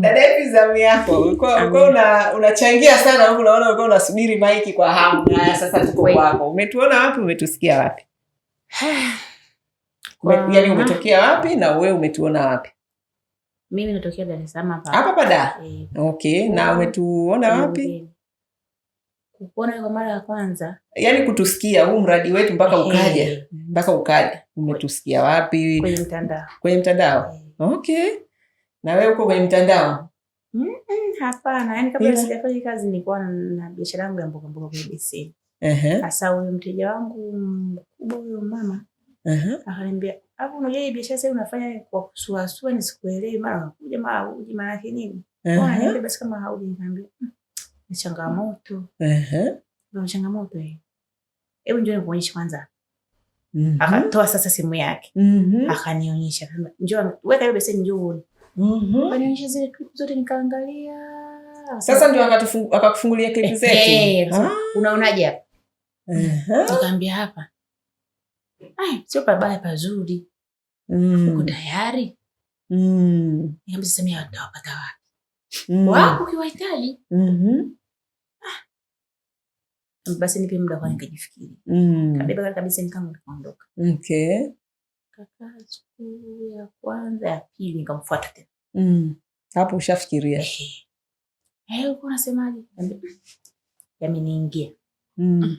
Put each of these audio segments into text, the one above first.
Dada, ipi zamu yako? Ulikuwa una unachangia sana huko, naona ulikuwa unasubiri maiki kwa hamu, na sasa tuko kwako. Umetuona wapi? Umetusikia wapi? Ume, yaani umetokea wapi na wewe umetuona wapi? Mimi natokea Dar es Salaam hapa. Hapa pada? E. Eh. Okay, na umetuona wapi? Kukuona kwa mara ya kwanza. Yaani kutusikia huu mradi wetu mpaka eh. ukaja. Mpaka ukaja. Umetusikia wapi? Kwenye mtandao. Kwenye mtandao. E. Okay. Na wewe uko kwenye mtandao? hapana. yani kabla sijafanya kazi nilikuwa na biashara yangu ya mboga mboga kwa BC. Eh. Sasa huyo mteja wangu mkubwa huyo mama. Eh. Akaniambia, "Hapo unajua hii biashara sasa unafanya kwa kusuasua nisikuelewi mara unakuja mara uji maana yake nini?" Bwana yule basi kama hauji niambia. Mm, ni changamoto. Eh. Ni changamoto hii. Hebu njoo nikuonyeshe kwanza. Mm -hmm. Akatoa sasa simu yake. Mm -hmm. Akanionyesha. Njoo weka hiyo beseni njoo uone. Mhm. Anionyesha zile clip zote nikaangalia. Sasa ndio akakufungulia clip eh, zetu. Eh, ah. Unaonaje hapa? Nikaambia hapa eh, sio pabaya pazuri. Mm. Uko tayari? Mm. Nikamwambia Samia watawapata wapi? Mm. Wako ukiwahitaji. Mm-hmm. Ah. Basi nipe muda nikajifikiri. Kabeba kabisa nikaondoka. Okay. Tukakaa siku ya kwanza ya pili nikamfuata tena. Mm. Hapo ushafikiria. hey. Eh. Eh, hey, uko unasemaje? Mm, yameniingia. Mm.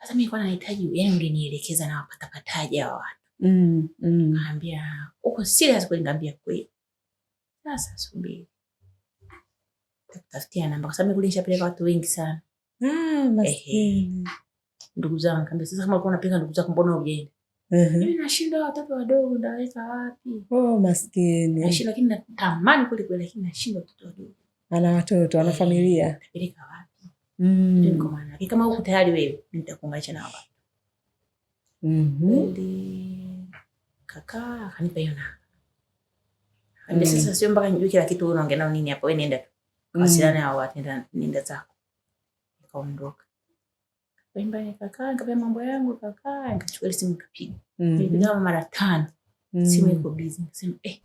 Sasa mimi nilikuwa nahitaji, yani ulinielekeza na wapatapataji pataje hawa watu. Mm. Mm. Kaambia, uko serious kweli? Ngambia kweli. Sasa subiri. Tafutia namba kwa sababu mimi kule nishapeleka watu wengi sana. Ah, Ndugu zangu, Kambia sasa kama ulikuwa unapenda ndugu zako mbona hujaenda? Mimi nashinda watoto wadogo ndaweka wapi? Oh, maskini. Nashinda lakini natamani kweli kweli lakini nashinda watoto wadogo. Ana watoto, ana eh, familia. Peleka wapi? Mm. maana Kama uko tayari wewe, nitakuunganisha na wapi? Mhm. Ndi Kaka akanipa hiyo na. Hadi mm. sasa sio mpaka nijue kila kitu unaongea nao nini hapo, wewe nenda tu. Mm. Wasiliana na wao, watenda nenda zako. Nikaondoka. Kaimba nikakaa, mambo yangu, kakaa, nikachukua ile simu nikapiga. Mhm. Nilipiga mara tano. Mhm. Simu iko busy. Nikasema eh,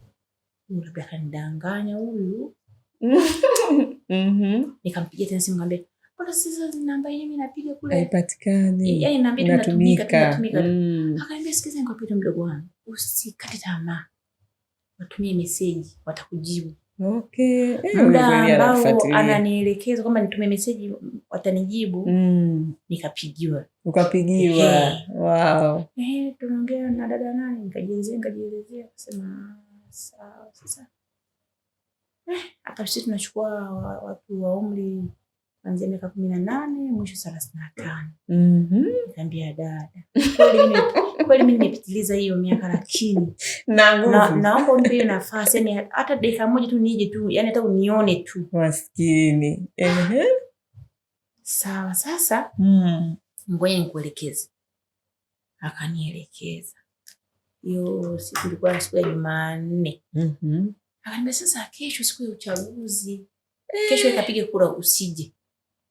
huyu labda kanidanganya huyu. Mhm. Nikampigia tena simu nikamwambia, "Mbona sasa namba hii mimi napiga kule haipatikani?" Eh, yaani namba hii inatumika, inatumika. Akaniambia, "Sikiza, mdogo wangu, usikate tamaa. Watumie meseji, watakujibu." Okay. muda ambao ananielekeza kwamba nitume meseji watanijibu, mm. Nikapigiwa. Ukapigiwa? yeah. Wow. Eh, tunaongea na dada nani, nikajielezea nikajielezea, kusema sawa. Sasa eh, hapa sisi tunachukua watu wa umri kuanzia miaka kumi na nane mwisho thelathini na tano. mm -hmm. dada, kweli mi nimepitiliza hiyo miaka, lakini na naomba unipe nafasi, yani hata dakika moja tu nije tu, yani hata unione tu. Maskini. Sawa, sasa mm. ngoja nikuelekeze. Akanielekeza hiyo siku, ilikuwa siku ya Jumanne. mm -hmm. Akaniambia sasa, kesho siku ya uchaguzi, kesho ikapige kura, usije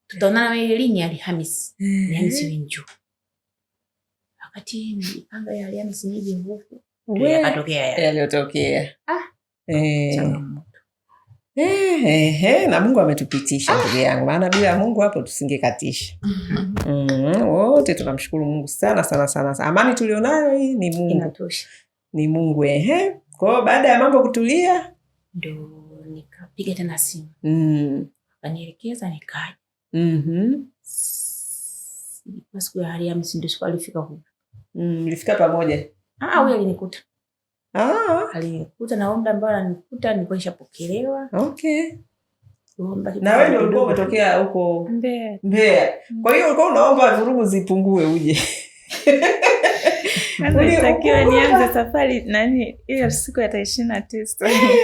tutaonana wewe lini? Alhamisi. Eh. Alhamisi wewe njoo. Wakati nilipanga ya Alhamisi nije nguvu. Wewe akatokea yale yaliyotokea. Ah. Eh. Eh, eh, eh, na Mungu ametupitisha ah. ndugu ah, yangu, maana bila Mungu hapo tusingekatisha. mm -hmm. Mm, wote tunamshukuru Mungu sana sana sana, sana. Amani tulionayo hii ni Mungu. Inatosha. Ni Mungu ehe. Kwa hiyo baada ya mambo kutulia ndo nikapiga tena simu. Mm. Akanielekeza nikaja. Mm -hmm. Siku ya ndio siku alifika huko. Mm, pamoja. Ah, huyo alinikuta. Ah, alinikuta na nilikuwa nishapokelewa. Okay. Na wewe ndio ulikuwa umetokea huko Mbeya. Mbeya. Kwa hiyo ulikuwa unaomba vurugu zipungue uje. Natakiwa nianze safari nani hiyo siku ya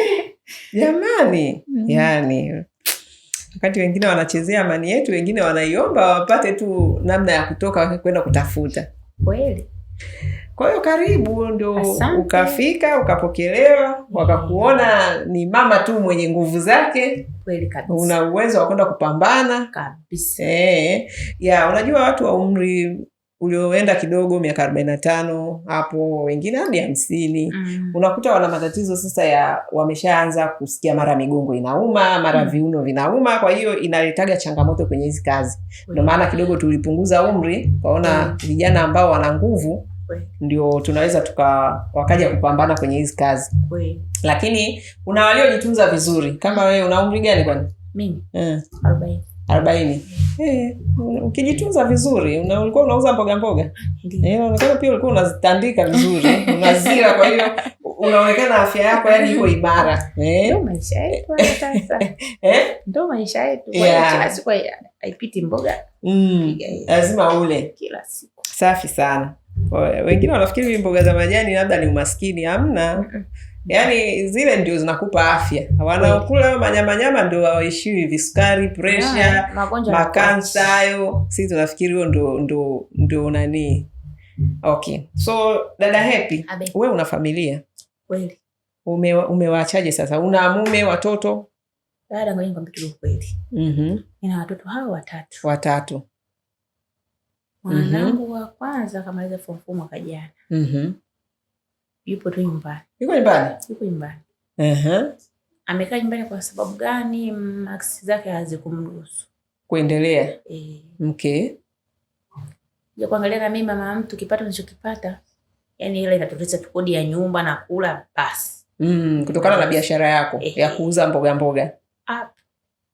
Jamani, mm. yani wakati wengine wanachezea amani yetu, wengine wanaiomba wapate tu namna ya kutoka kwenda kutafuta kweli. Kwa hiyo karibu, ndio ukafika ukapokelewa, wakakuona ni mama tu mwenye nguvu zake, una uwezo wa kwenda kupambana kabisa. E, ya unajua watu wa umri ulioenda kidogo miaka arobaini na tano hapo, wengine hadi hamsini mm. unakuta wana matatizo sasa ya wameshaanza kusikia mara migongo inauma mara mm. viuno vinauma, kwa hiyo inaletaga changamoto kwenye hizi kazi. Ndio maana kidogo tulipunguza umri, kwaona mm. vijana mm. ambao wana nguvu ndio tunaweza tuka wakaja kupambana kwenye hizi kazi Kwe. Lakini kuna waliojitunza vizuri kama wewe, una umri gani kwani? Mimi eh arobaini. Eh, ukijitunza vizuri una, ulikuwa unauza mboga mboga eh, unaonekana pia ulikuwa unazitandika vizuri unazira kwa hiyo unaonekana afya yako yani iko imara. Eh? Eh? Mm, lazima ule kila siku. Safi sana. Wengine wanafikiri mboga za majani labda ni umaskini, hamna yani zile ndio zinakupa afya. Wanaokula manyamanyama ndio waishiwi visukari, presha, yaani, makansa hayo. si tunafikiri huo ndo ndo ndo nani. Okay. So dada hepi we una familia? Kweli. Ume, sasa? Una mume, watoto? Dada mwenye kwamba kidogo kweli. Mhm. watoto hao watatu. Watatu. Mwanangu mhm. wa kwanza akamaliza form mwaka jana. Mhm. Yupo tu nyumbani. Yuko nyumbani? Yuko nyumbani. Uh-huh. Amekaa nyumbani kwa sababu gani? Max zake hazikumruhusu kuendelea e. Okay. Ya kuangalia na mimi mama mtu kipato nilichokipata. Yaani ile inatuletea tu kodi ya nyumba na kula basi. Mm, kutokana na biashara yako eh, ya kuuza mboga mboga Ah.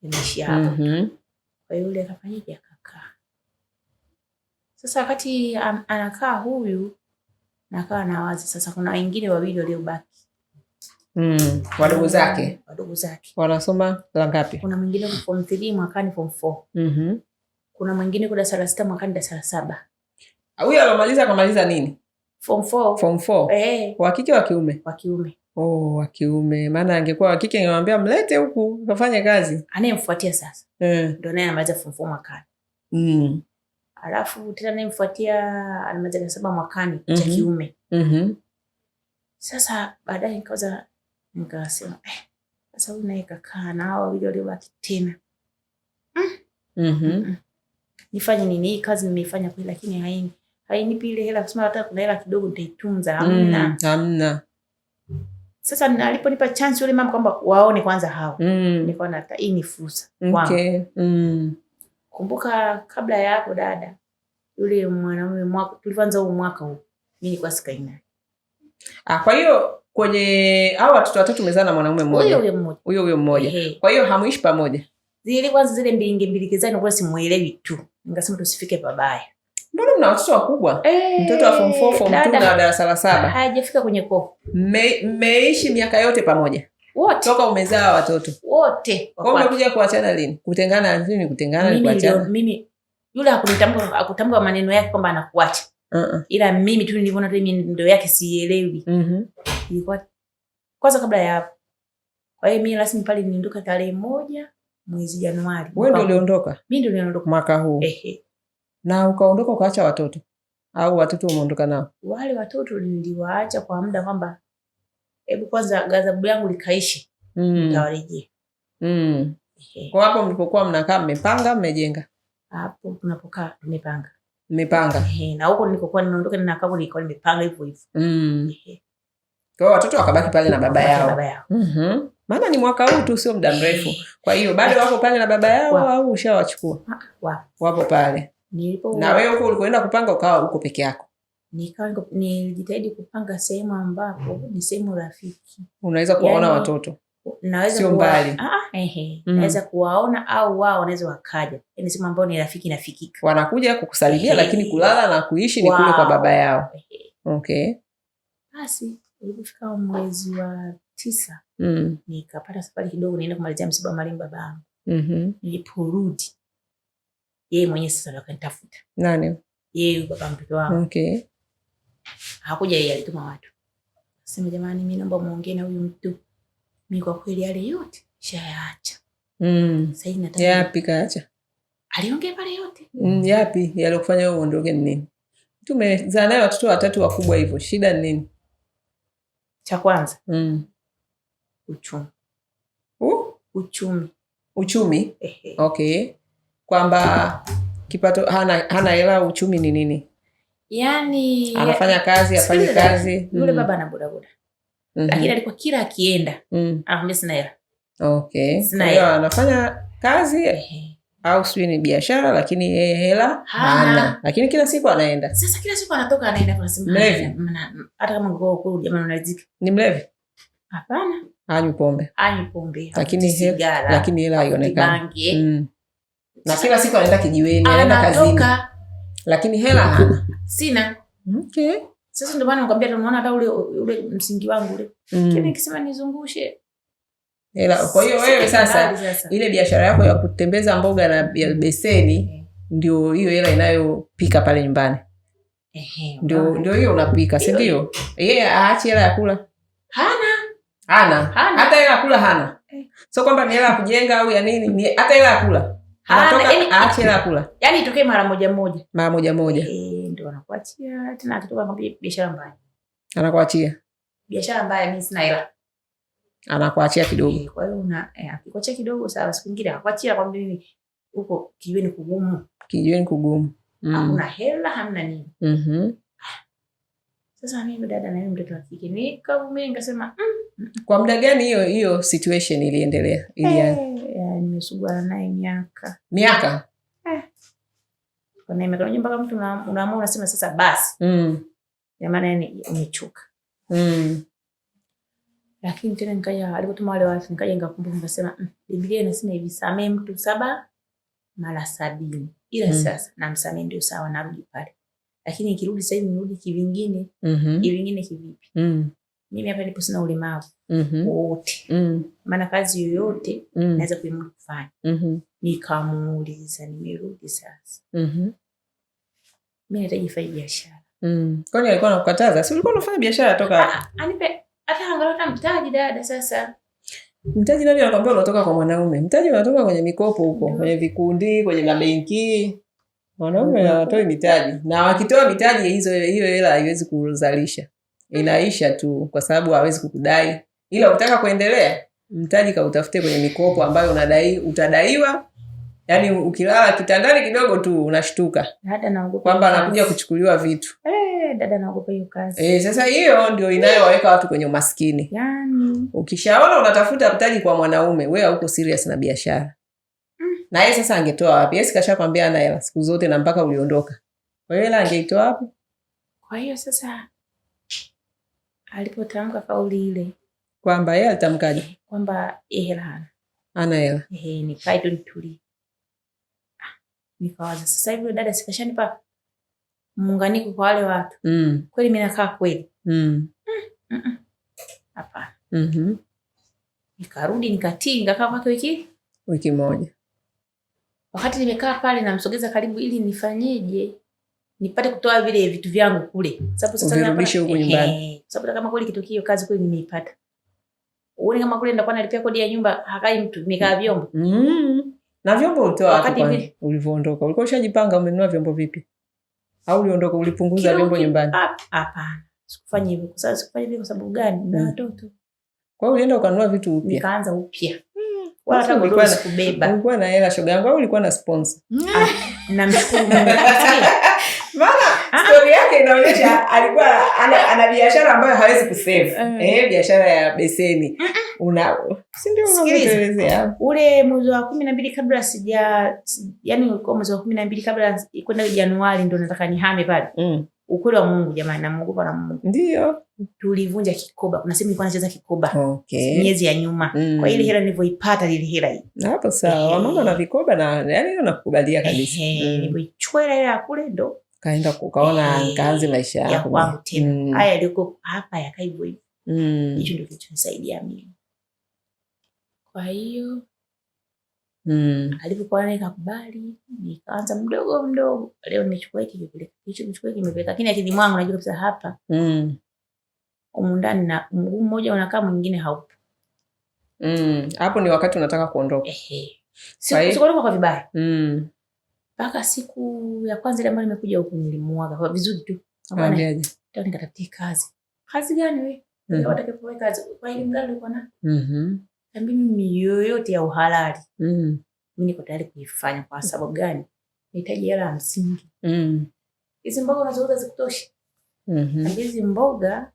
imeishia hapo. Mhm. Kwa yule akafanyaje? Akakaa. Sasa wakati um, anakaa huyu na akawa na wazi sasa, kuna wengine wawili waliobaki mm, wadogo zake wadogo zake wanasoma la ngapi? Kuna mwingine form 3 mwakani form 4 mhm, kuna mwingine kwa darasa la sita mwakani darasa la saba. Ah, Huyo alomaliza akamaliza nini? Form 4 form 4 eh, wa kike wa kiume? Wa kiume. Oh, wa kiume, maana angekuwa wa kike ningemwambia mlete huku kafanye kazi. Anayemfuatia sasa eh, ndio naye anamaliza form 4 mwakani mm alafu tena nimfuatia alimaliza darasa saba mwakani mm -hmm. cha mhm. kiume mm -hmm. Sasa baadaye nikaanza nikasema eh, sasa huyu naye kakaa na hao wawili waliobaki tena mm. mm -hmm. nifanye nini? Hii kazi nimeifanya kweli, lakini haini hainipi ile hela kusema hata kuna hela kidogo nitaitunza, mm, hamna hamna mm. Sasa aliponipa chance yule mama kwamba waone kwanza hao mm. nikaona hata hii ni fursa okay. wow. mm. Kumbuka kabla ya hapo, dada yule mwanaume mwaka tulivyoanza huu mwaka huu mimi nilikuwa sikai naye. Ah, kwa hiyo kwenye hao watoto watatu umezaa na mwanaume mmoja. Huyo mmoja. Huyo huyo mmoja. Kwa hiyo hamuishi pamoja. Zile kwanza zile mbilinge mbilinge zani nilikuwa simuelewi tu. Nikasema tusifike babaya. Mbona mna watoto wakubwa? Hey, mtoto wa form 4, form 2 na darasa la 7. Hajafika kwenye koo. Mmeishi miaka yote pamoja wote toka umezaa watoto wote. Kwa hiyo umekuja kuachana lini? Kutengana lini? Kutengana ni kuachana. Mimi yule hakunitambua, hakutambua maneno yake kwamba anakuacha uh -uh. Ila mimi tu nilivyoona tu ndio yake sielewi. Mhm, ilikuwa kwanza kabla ya hapo. Kwa hiyo mimi rasmi pale niondoka tarehe moja mwezi Januari. Wewe ndio uliondoka? Mimi ndio niliondoka mwaka huu. Ehe. Na ukaondoka ukaacha watoto au watoto umeondoka nao? Wale watoto niliwaacha kwa muda kwamba hebu kwanza ghadhabu yangu likaishe, nitawarejea. mm. mm. Kwa hapo mlipokuwa mnakaa mmepanga, mmejenga hapo tunapokaa tumepanga, mmepanga na huko nilikokuwa ninaondoka nina ninakaa nilikuwa nimepanga hivyo hivyo. mm. Kwa hiyo watoto wakabaki pale na baba yao, baba yao. Mm -hmm. Maana ni mwaka huu tu, sio muda mrefu. Kwa hiyo bado wako pale na baba yao wa. au ushawachukua? Ah, wapo pale. Nilipo. Na wewe huko ulikoenda kupanga ukawa huko peke yako? nikawa nilijitahidi kupanga sehemu ambapo mm. ni sehemu rafiki, unaweza yaani kuwaona yani, watoto naweza kuwa, ah, ah, ehe, mm. naweza kuwaona au wao wanaweza wakaja, ni yaani sehemu ambayo ni rafiki nafikika, wanakuja kukusalimia lakini kulala na kuishi wow. ni kule kwa baba yao ehe. Okay, basi ulipofika mwezi wa tisa mm. nikapata safari kidogo, nienda kumalizia msiba wa marehemu yangu mm -hmm. Niliporudi yeye mwenyewe sasa akanitafuta nani, yeye baba mtoto wangu okay hakuja yeye, alituma watu. Sema jamani, mimi naomba muongee na huyu mtu, mimi kwa kweli yale yote shayaacha. Mm. Sasa hivi nataka yapi kaacha? Aliongea pale yote. Mm, yapi yalokufanya wewe uondoke ni nini? Tumezaa naye watoto watatu wakubwa hivyo, shida ni nini? Cha kwanza mm. uchumi uh? uchumi uchumi, okay, kwamba kipato hana hana hela. Uchumi ni nini? yani anafanya kazi afanye kazi yule mm. baba ana bodaboda mm -hmm. lakini alikuwa kila akienda mm. anakwambia sina hela okay. sina hela anafanya kazi Ehe. au sijui ni biashara lakini yeye hela hana, lakini kila siku anaenda. Sasa kila siku anatoka anaenda, tunasema hata kama ngoko jamani, unaridhika ni mlevi? Hapana, anyu pombe, anyu pombe, lakini hela, lakini hela haionekani mm. na kila siku anaenda kijiweni, anaenda kazini, lakini hela hana Sina. Okay. Sasa ndio maana nakwambia tunaona hata ule ule msingi wangu ule. Mm. Kimi kisema nizungushe. Ela, kwa hiyo wewe sasa, sasa ile biashara yako ya kutembeza mboga na ya beseni okay. Eh. Ndio hiyo hela inayopika pale nyumbani. Ehe. Ndio ndio hiyo unapika, si ndio? Yeye aache hela ya kula. Hana. Hana. Hata hela ya kula hana. Eh. Sio kwamba ni hela ya kujenga au ya nini, ni hata hela ya kula. Anatoka yaani aachi hela ya kula. yani itokee mara moja moja. Mara moja moja. Ehe wanakuachia tena, akitoka kwambia biashara mbaya anakuachia biashara mbaya, mimi sina hela, anakuachia kidogo. Eh, kwa hiyo una eh, akikuachia kidogo, sawa, siku nyingine anakuachia kwambia mimi huko kijiweni kugumu, kijiweni kugumu, mm. hakuna hela, hamna nini. Mhm. Sasa mimi dada na yule mtoto wa kike nikavumilia, nikasema mm, mm, mm. Kwa muda gani hiyo hiyo situation iliendelea? Ilianza, hey, eh, eh, nimesugua naye miaka miaka kuna imekuja mpaka mtu unaamua unasema sasa basi. Mm. Ya maana yani umechoka. Mm. Lakini tena nikaja alipotuma wale watu nikaja ngakumbuka nikasema mm, Biblia inasema hivi samee mtu saba mara sabini. Ila mm. sasa namsamee ndio sawa narudi pale. Lakini ikirudi sasa hivi nirudi kivingine. Mm -hmm. Kivingine kivipi? Mm mimi hapa nipo sina ulemavu mhm. wote mm -hmm. maana mm -hmm. kazi yoyote mm naweza kuimua kufanya mm -hmm. Nikamuuliza, nimerudi sasa mm -hmm. mi nahitaji fanya biashara mm. Kwani alikuwa anakukataza? Si ulikuwa unafanya biashara toka ah, ah, anipe hata angalau hata mtaji dada. Sasa mtaji nani anakuambia unatoka kwa mwanaume? Mtaji unatoka kwenye mikopo huko mm kwenye vikundi, kwenye mabenki mwanaume hawatoi mitaji, na wakitoa mitaji hizo hiyo hela haiwezi kuzalisha Mm-hmm. inaisha tu, kwa sababu hawezi kukudai, ila ukitaka kuendelea mtaji kautafute kwenye mikopo ambayo unadai utadaiwa. Yaani ukilala kitandani kidogo tu unashtuka kwamba anakuja kuchukuliwa vitu hey, eh, dada eh, sasa hiyo ndio inayowaweka watu kwenye umaskini yani. Ukishaona unatafuta mtaji kwa mwanaume, we auko serious na biashara mm. na ye sasa angetoa wapi? Yeye kashakwambia ana hela siku zote na mpaka uliondoka, kwa hiyo hela angeitoa wapi? Kwa hiyo sasa alipotamka kauli ile kwamba yeye alitamkaje? Kwamba hela hana, ana hela. Ehe, nikae tu nitulie, nikawaza sasa hivi dada sikashanipa muunganiko kwa wale watu mm. kweli mimi nakaa kweli mm. mm -mm. mm mm-hmm. Nikarudi nikatii, nikakaa kwake wiki wiki moja. Wakati nimekaa pale, namsogeza karibu ili nifanyeje nipate kutoa vile vitu vyangu kule, sababu sasa nirudishe huko nyumbani, sababu kama kule kitu hiyo kazi kule nimeipata. Uone kama kule ndakuwa nalipia kodi ya nyumba, hakai mtu, nikaa vyombo mm. na vyombo utoa wakati vile ulivyoondoka, ulikuwa ushajipanga, umenunua vyombo vipi au uliondoka, ulipunguza vyombo nyumbani? Ah, hapana, sikufanya hivyo. Sasa sikufanya hivyo kwa sababu gani? na mm. watoto. Kwa hiyo ulienda ukanunua vitu upya, nikaanza upya mm. wala hata godoro sikubeba. Ulikuwa na hela shoga yangu au ulikuwa na sponsor? Ah, namshukuru Mungu stori yake inaonyesha alikuwa ana, ana biashara ambayo hawezi kusave. Uh, eh, biashara ya beseni. una si ndio unaelezea. Ule mwezi wa 12 kabla sija yani ulikuwa mwezi wa 12 kabla kwenda Januari ndio nataka nihame pale. Mm. Ukweli wa Mungu jamani, na Mungu na Mungu. Ndio. Tulivunja kikoba. Kuna sehemu nilikuwa nacheza kikoba. Okay. Miezi ya nyuma. Mm. Kwa ile hela nilivyoipata ile hela hii. Na hapo sawa. Hey. na vikoba na yani nakukubalia kabisa. Hey. Mm. Nilipoichukua ile hela kule ndo kaenda kukaona nikaanze eh, maisha yako kwangu tena. Mm. Haya yaliyoko hapa yakae hivyo hivyo. Mm. Hicho ndio kilichonisaidia mimi. Kwa hiyo Mm. Alivyokuwa kakubali, nikaanza mdogo mdogo. Leo nimechukua hiki kipeleka, hicho nimechukua hiki nimepeleka. Lakini akili mwangu najua kabisa hapa. Mm. Umu ndani na mguu mmoja unakaa mwingine haupo. Mm. Hapo ni wakati unataka kuondoka. Ehe. Sio kwa vibaya. Mm. Mpaka siku ya kwanza ile ambayo nimekuja huku nilimuaga kwa vizuri tu. Ambaye nikatafutie kazi. Kazi gani wewe? Mm -hmm. Watakapoweka kazi kwa elimu gani uko na? Mhm. Na mimi yoyote ya uhalali. Mhm. mimi niko tayari kuifanya kwa sababu gani? Nahitaji hela ya msingi. Mhm. Hizi mboga unazouza zikutoshi? Mhm. Na hizi mboga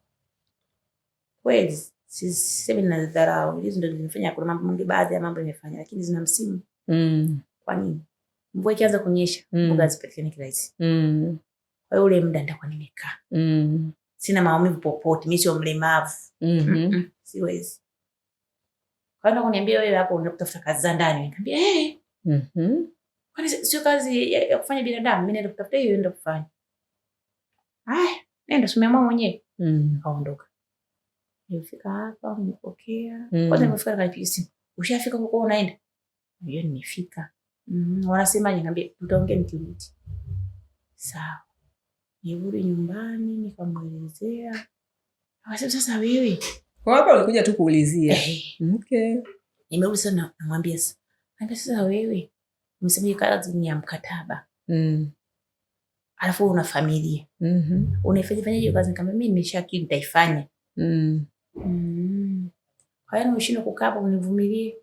kweli sisemi na dharau. Hizo ndio zinafanya kuna mambo mengi, baadhi ya mambo nimefanya, lakini zina msingi. Mhm. Kwa nini? mvua ikianza kunyesha mm. mboga hazipatikani kirahisi mm. kwa hiyo ule muda nitakuwa nimekaa mm. sina maumivu popote, mi sio mlemavu mm -hmm. siwezi. Kwa kuniambia wewe hapo unatafuta kazi za ndani, nikamwambia eh hey. mm kwani sio kazi ya, ya kufanya binadamu, mimi naenda kutafuta hiyo ndio kufanya. Ai, nenda sumia mama mwenyewe mm. kaondoka. Nilifika hapa, mnipokea. Mm. Kwanza nimefika kanipiga simu. Ushafika huko unaenda? Ndio nimefika. Mm, mm-hmm. wanasemaje? Niambia, tutaongea nikirudi. Sawa. Nirudi nyumbani nikamwelezea. Akasema sasa wewe hapa ulikuja tu kuulizia. Eh. Okay. Nimerudi sana namwambia sasa. Niambia sasa wewe umesemaje kazi ya mkataba? Mm. Alafu una familia. Mhm. Mm, unaifanyaje hiyo kazi? Nikamwambia mimi nimeshakiri nitaifanya. Mm. Mm. Kwa hiyo ushindwe kukaa hapo univumilie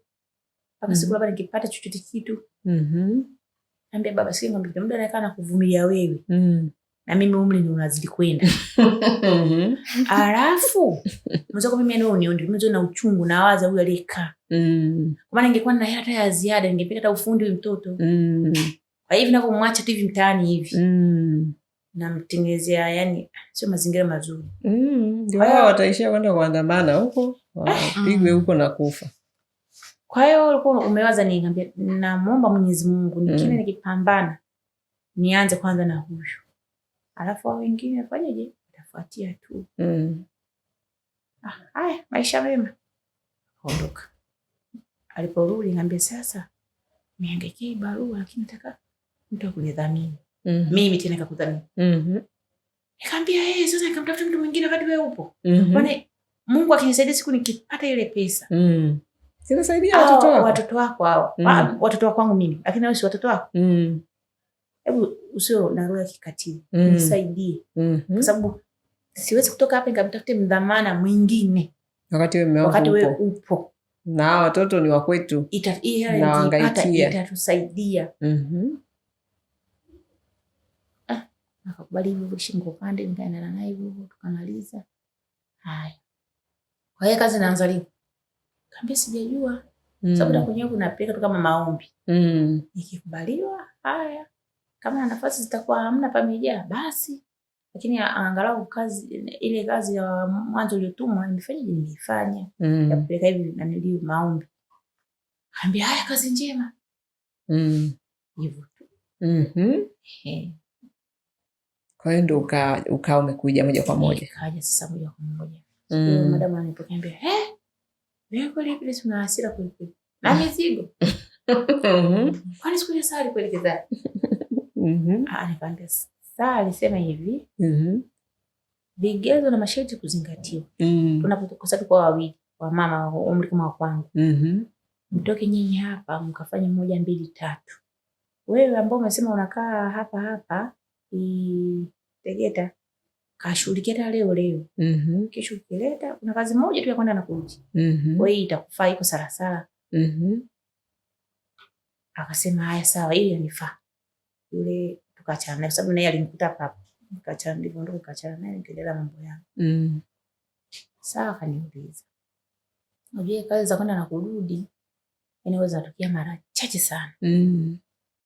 mpaka siku mm-hmm. labda nikipata chochote kitu mm-hmm. Ambia baba sikia, ngambia muda anakaa na kuvumilia wewe mm. na mimi umri ndio unazidi kwenda mm-hmm. alafu mwanzo mimi ndio uniundi mwanzo na uchungu na waza huyu aliyeka. mm. kwa maana ningekuwa na hata ya ziada ningepika hata ufundi huyu mtoto mm. kwa hivi ninavyomwacha tu hivi mtaani hivi mm. namtengenezea yani sio mazingira mazuri mm. ndio wataishia kwenda kuandamana huko eh, mm. wapigwe huko na kufa kwa hiyo ulikuwa umewaza niambia, namuomba Mwenyezi Mungu mm. nikipambana nianze kwanza na huyu. Alafu wengine fanyeje? Tafuatia tu. Mm. Ah, haya maisha mema. Ondoka. Aliporudi niambia sasa niandikie barua lakini nataka mtu akunidhamini. Mm. Mimi tena kakudhamini. Mhm. Mm Nikamwambia yeye sasa nikamtafuta mtu mwingine wakati wewe upo. Mm -hmm. Kwani Mungu akinisaidia siku nikipata ile pesa. Mm zinasaidia watoto wako, watoto wako hao mm. watoto wako wangu mimi, lakini wao si watoto wako mm. Hebu usio na roho ya kikatili mm. nisaidie mm -hmm. kwa sababu siwezi kutoka hapa nikamtafute mdhamana mwingine wakati wewe wakati wewe upo na watoto ni wakwetu, ita kwetu, nawangaikia itatusaidia mhm. akakubali ah, hivyo hivyo, shingo upande, nikaenda naye hivyo tukamaliza. Haya, kwa hiyo kazi naanza lini? Kambia sijajua. Mm. Sababu na kwenyewe kuna pilika tu kama maombi. Mm. Nikikubaliwa, haya. Kama na nafasi zitakuwa hamna familia basi. Lakini angalau kazi ile kazi ya mwanzo iliyotumwa nimefanya nimefanya. Mm. Ya kupeleka hivi na nilio maombi. Kambia haya kazi njema. Mm. Hivyo tu. Mhm. Eh. Kwa hiyo ndo uka uka umekuja moja kwa moja. Kaja sasa moja kwa moja. Mm. Madamu anipokea ambia, "Eh, hasira kweli kweli. Na mizigo. Kwani siku ile Sara alikuelekeza? Mhm. Ah, nikaambia Sara alisema hivi. Mhm. Vigezo na masharti kuzingatiwa. Mhm. Tunapokosa kwa wawili, wa mama wa umri kama wa kwangu. Mhm. Mtoke nyinyi hapa mkafanye moja mbili tatu. Wewe ambao umesema unakaa hapa hapa, i Tegeta kashughuli kile leo leo. Mhm. Mm Kesho ukileta kuna kazi moja tu ya kwenda na kurudi. Mhm. Kwa wewe itakufaa iko sala sala. Mhm. Akasema haya sawa, ile yanifaa. Yule tukachana naye sababu naye alinikuta hapa. Nikaachana ndivyo ndo nikaachana naye nikaendelea mambo yangu. Mhm. Sawa, kaniuliza. Unajua kazi za kwenda na kurudi inaweza kutokea mara chache sana. Mhm.